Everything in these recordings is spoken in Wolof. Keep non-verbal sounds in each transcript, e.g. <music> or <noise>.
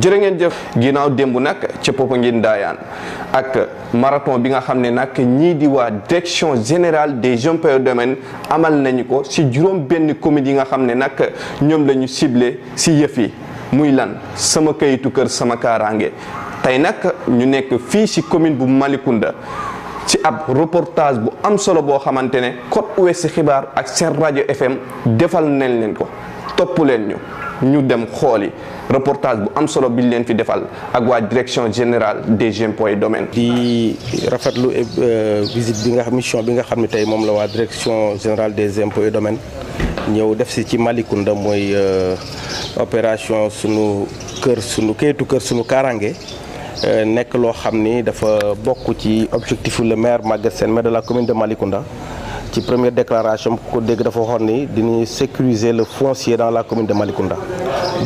jërë ngeen jëf ginnaaw démb nag ca Popenguine Ndayane ak maraton bi nga xam ne nag ñii di waa direction générale des impôts et domaines amal nañu ko si juróom benn communes yi nga xam ne nag ñoom lañu ñu si yëf muy lan sama kayitu kër sama kaaraange tey nag ñu nekk fii si commune bu Malicounda ci ab reportage bu am solo boo xamante ne code ouest xibaar ak seen rajo FM defal nañ leen ko topp leen ñu ñu dem xooli reportage bu am solo bi leen fi defal ak waa direction générale des impôts et domaines. di rafetlu eh, visite bi nga mission bi nga xam ne tey moom la waa direction générale des impôts et domaines ñëw def si ci Malicounda mooy eh, opération sunu kër sunu kayitu kër sunu kaaraange. Eh, nekk loo xam ni dafa bokk ci objectif le maire Maguette Sène maire de la commune de Malicounda ci première déclaration ku dégg dafa waxoon ni sécuriser le foncier dans la commune de Malikunda.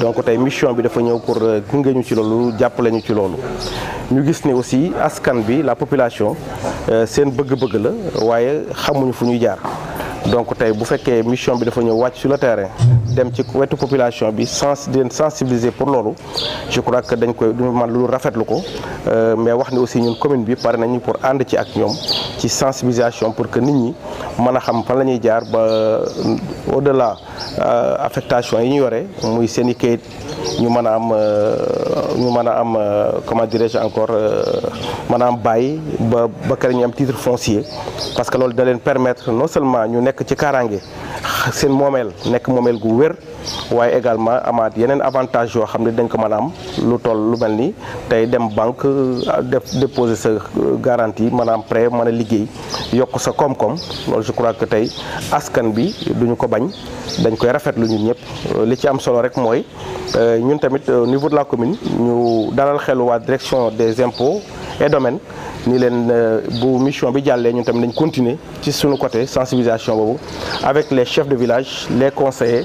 donc tey mission bi dafa ñëw pour euh, gunge ñu ci loolu jàppale ñu ci loolu. ñu gis ne aussi askan bi la population euh, seen bëgg-bëgg la waaye xamuñu fu ñuy jaar donc tey bu fekkee mission bi dafa ñëw wàcc sur le terrain dem ci wetu population bi sens de sensibiliser pour loolu je crois que dañ koy duñu man lu rafetlu ko euh, mais wax aussi ñun commune bi pare nañu pour ànd ci ak ñoom ci sensibilisation pour que nit ñi. mën a xam fan la ñuy jaar ba euh, au delà euh, affectation yi ñu yore muy seen i kayit ñu mën a am euh, ñu mën a am comment dirais-je encore mën a am bàyyi ba ba kër ñu am titre foncier parce que loolu da leen permettre non seulement ñu nekk ci kaaraange seen moomeel nekk moomeel gu wér waaye également amat yenen avantage yo xamné dañ ko mën am lu toll lu mel tay dem banque euh, def déposer sa euh, garantie maanaam prêt mën liguey yok sa koom-koom loolu je crois que tay askan bi duñu ko bañ dañ koy lu ñun ñep euh, li ci am solo rek moy ñun tamit au niveau de la commune ñu dalal xelu wa direction des impôts et domaines ni len bu mission bi jallé ñun tamit dañ continuer ci suñu côté sensibilisation bobu avec les chefs de village les conseillers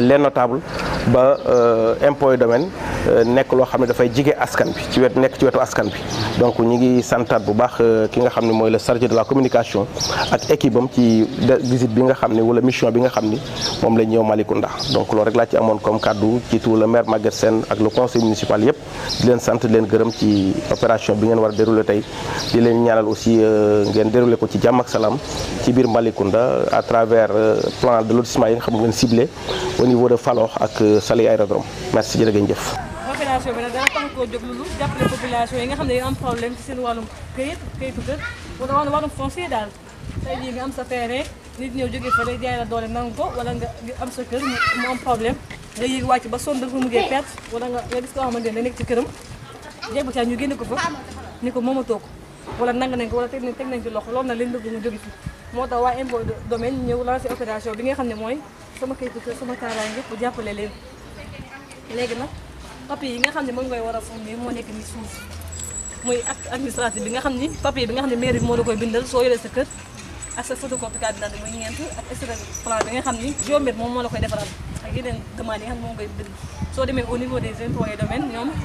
les notable ba euh, impôt domaine nekk loo xam ne dafay jige askan bi nekk ci wetu askan bi donc ñi ngi santaat bu baax euh, ki nga xam ne mooy la chargé de la communication ak équipe am ci visite bi nga xam ne wala mission bi nga xam ni moom la ñëw Malicounda donc loolu rek laa ci amoon comme kaddu ci tout le maire Maguette Sène ak le conseil municipal yëpp di leen sant leen gërëm ci opération bi ngeen war a déroulé tey di leen ñaanal aussi euh, ngeen déroulé ko ci jàmm ak salaam ci biir Malicounda à travers euh, plan de lotissement yi nga xam ne ngeen ciblé au niveau de Falokh ak Saly Aérodrome merci jërë ngeen jëf opération bi nag tax koo jóg lu jàppale nga xam ne am problème ci seen wàllum këyit këyitu nga am sa terrain nit ñëw jógee fa doole nangu ko wala nga am sa kër mu am problème nga ba sonn dafa mujjee perte wala nga nga gis koo xamante ne da nekk ci këram jébu ca ñu génne ko fa ni ko moomatoo ko wala nang nañ wala teg nañ teg nañ ci loxo loolu na leen bëgg mu jóge fi moo tax waa impôt domaine opération bi nga xam ne mooy sama këyitu kër sama kaaraay yëpp jàppale leen léegi nag papier yi nga xam ne moom ngay war a fournir moo nekk ni suuf muy acte administratif bi nga xam ni papier bi nga xam ne mairie moo la koy bindal soo yoree sa ak sa photocopie demee au niveau des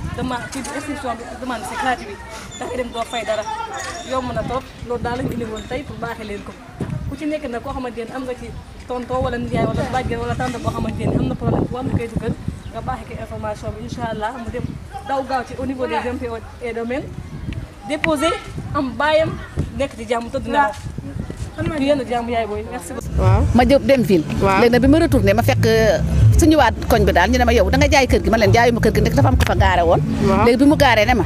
ko ku ci nekk nag koo xamante ne am nga ci tonto wala nijaay wala bàjjen wala tante boo xamante ne am na problème bu am kayitu kër nga baaxee bi incha allah mu dem daw gaaw ci au niveau des impôts am nekk ci jàmm na a jàmm yaay booy merci beaucoup. waaw ma jóg dem ville. waaw léegi nag bi ma retourné ma fekk euh, suñu waat koñ bi daal ñu ne ma yow da nga jaay kër gi ma leen jaayu kër gi ndek dafa am ko fa gaare woon. léegi bi mu gaaree ne ma.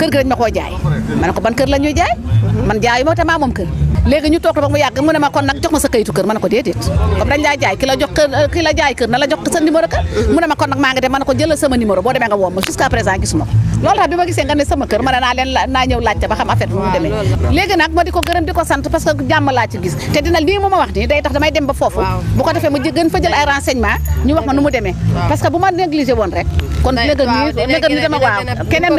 kër gi dañ ma koo jaay. man ko ban kër la ñuy jaay. Mhm. man jaayu ma te maa moom kër. léegi ñu toog la ba mu yàgg mu ne ma kon nag jox ma sa kayitu kër ma ko déedéet comme dañ laa jaay ki la jox kër ki la jaay kër na la jox sa numéro kër mu ma kon nag maa ngi dem ma ne ko jëlal sama numéro boo demee nga woo ma jusqu'à présent gisuma ko Lol, rabbi ma gisee nga ne sama keur ma na len na ñew ñëw ba xam affaire bi mu demee légui nak ma diko ko gërëm di ko sant parce que jamm laa ci gis té dina li mu ma wax ni day tax damay dem ba fofu bu ko défé mu gën fa jël ay renseignement ñu wax ma nu mu démé parce que bu ma négliger won rek kon léegi nii léegi nii dama waaw keneen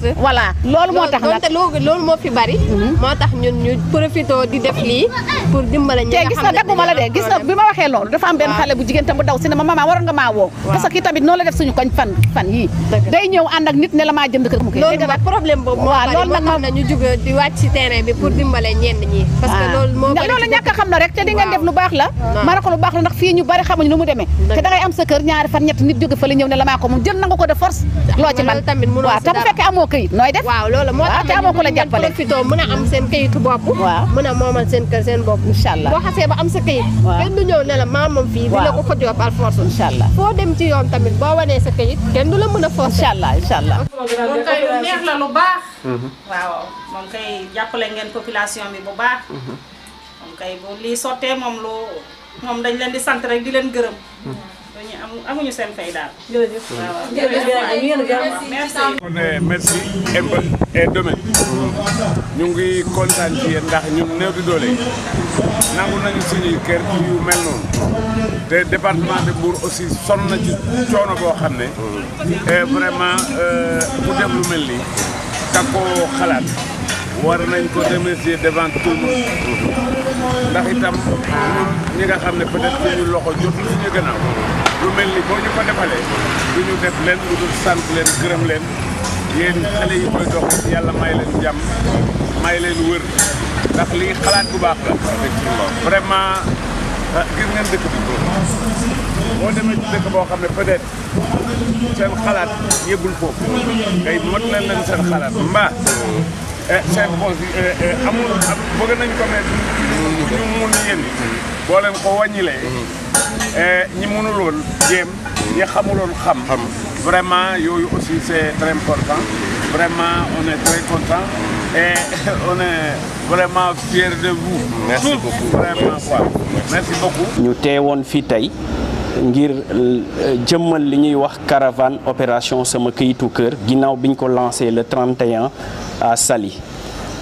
de voilà loolu moo tax nag loolu mo fi bari mhm. moo tax ñun ñu profito di def li pour dimbale ñu te gis nga dagguma la de gis nga bima waxé waxee dafa am ben xalé bu jigéen tam bu daw si mama ma nga ma wo parce que tamit la def suñu koñ fan fan yi day ñew and ak nit né la ma jënd kër mu kër loolu nag problème boobu mo waaw nak nag moom nañu jug di wacc ci terrain bi pour dimbalé ñen ñi parce que ah. lool mo ndax loolu ñàkk xam la rek té di nga def lu bax la ma rek lu bax la nak fi ñu bari xamu ñu mu démé té da ngay am sa kër ñaari fan ñet nit jóge fële ñew né la ma ko mu jël nangu ko de force lo ci man waaw te bu amoo kay noy def waaw lool moo tax te amoo ko la jappalé profito mën a am seen këyitu bop waaw mën a seen kër seen bop inshallah bo xasse ba am sa kayit kenn du ñew né la ma mom fi di la ko xëjoo par force inshallah fo dem ci yoon tamit bo wone sa kayit kenn du la mëna force inshallah inshallah gënal moom kay lu neex la lu baax. waaw moom kay jàppale ngeen population bi bu baax. moom kay bu lii sottee moom lu moom dañ leen di sant rek di leen gërëm. dañuy am amuñu seen fay daal. jërëjëf waaw jërëjëf merci. on est maître et ñu ngi kontaan ci yéen ndax ñu néew di doole nangu nañu suñuy kër ci yu mel noonu te département de Mbour aussi sonn na ci coono boo xam ne et vraiment euh, ku def lu mel li ka ko xalaat war nañ ko remercier devant tout le monde ndax itam ñun ñi nga xam ne peut-être loxo jotul suñu gannaaw lu mel ni boo ñu ko defalee du def leen lu dul sant leen gërëm leen yéen xale yi koy dox yàlla may leen jàmm may leen wër ndax lii xalaat bu baax la vraiment ah, gis ngeen dëkk bi boo demee ci dëkk boo xam ne peut-être seen xalaat yëgul foofu ngay mot leen leen seen xalaat mbaa eh, seen pos eh, eh, amul bëgg nañ ko mais ñu mun yéen boo leen ko wàññilee ñi mënuloon jéem ñi xamuloon xam Vraiment, aussi, c'est très important. Vraiment, on est très content et <laughs> on est vraiment fiers de vous. Merci beaucoup. Vraiment, Merci beaucoup. Nous avons fait ngir euh, jëmmal li ñuy wax caravane opération sama këyitu kër cœur bi ñu ko lancer le 31 à Saly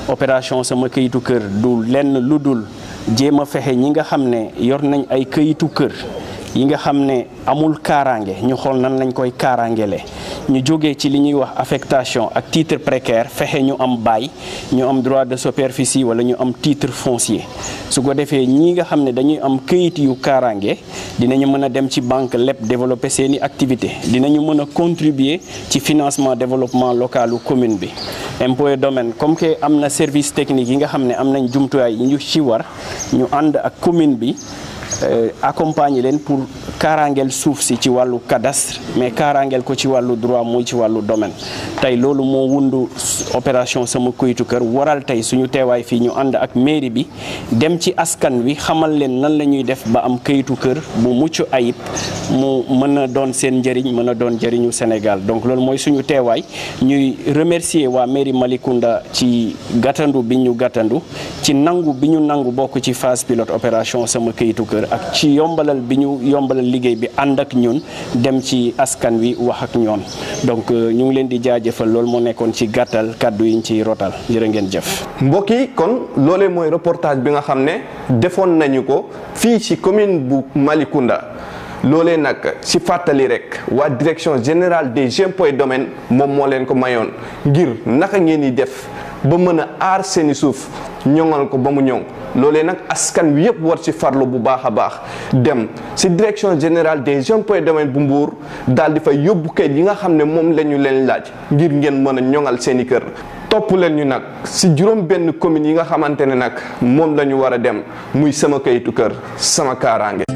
opération sama këyitu cœur du lenn lu fexé a été ñi nga 31 yor nañ ay yi nga xam ne amul kaaraange ñu xool nan lañ koy kaaraangelee ñu jógee ci li ñuy wax affectation ak tiitre précaire fexe ñu am bail ñu am droit de superficie wala ñu am titre foncier su ko defee ñii nga xam ne dañuy am këyit yu kaaraange dinañu mën a dem ci banque lépp e développer seeni activité dinañu mën a contribuer ci financement développement localu commune bi impôt domaine comme que am na service technique yi nga xam ne am nañ jumtuwaay yi ñu ci war ñu ànd ak commune bi Euh, accompagner leen pour kaaraangeel suuf si ci wàllu cadastre mais kaaraangeel ko ci wàllu droit muy ci wàllu domaine tey loolu moo wundu opération sama kuyitu kër waral tey suñu teewaay fii ñu ànd ak mairie bi dem ci askan wi xamal leen nan la ñuy def ba am këyitu kër bu mucc ayib mu mën a doon seen njëriñ mën a doon njëriñu Sénégal donc loolu mooy suñu teewaay ñuy remercier waa mairie Malicounda ci gàttandu bi ñu gàttandu ci nangu bi ñu nangu bokk ci phase pilote opération sama këyitu kër ak ci yombalal bi ñu yombalal liggéey bi ànd ak ñun dem ci askan wi wax ak ñoom donc euh, ñu ngi leen di jaajëfal lool moo nekkoon ci gàttal kàddu yi ñu ciy rotal jërë ngeen jëf. mbokk yi kon loolee mooy reportage bi nga xam ne defoon nañu ko fii ci commune bu Malicounda loolee nag ci fàttali rek waa direction générale des impôts et domaines moom moo leen ko mayoon ngir naka ngeen di def ba mën a aar seeni suuf ñoŋal ko ba mu ñoŋ. loolee nag askan wi yëpp war ci farlu bu baax a baax dem si direction générale des impôts et demaine bu Mbour dal di fay yóbbu kayit yi nga xam ne moom la ñu leen laaj ngir ngeen mën a ñoŋal seeni kër. topp leen ñu nag si juróom benn commune yi nga xamante ne nag moom la ñu war a dem muy sama kayitu kër sama kaaraange.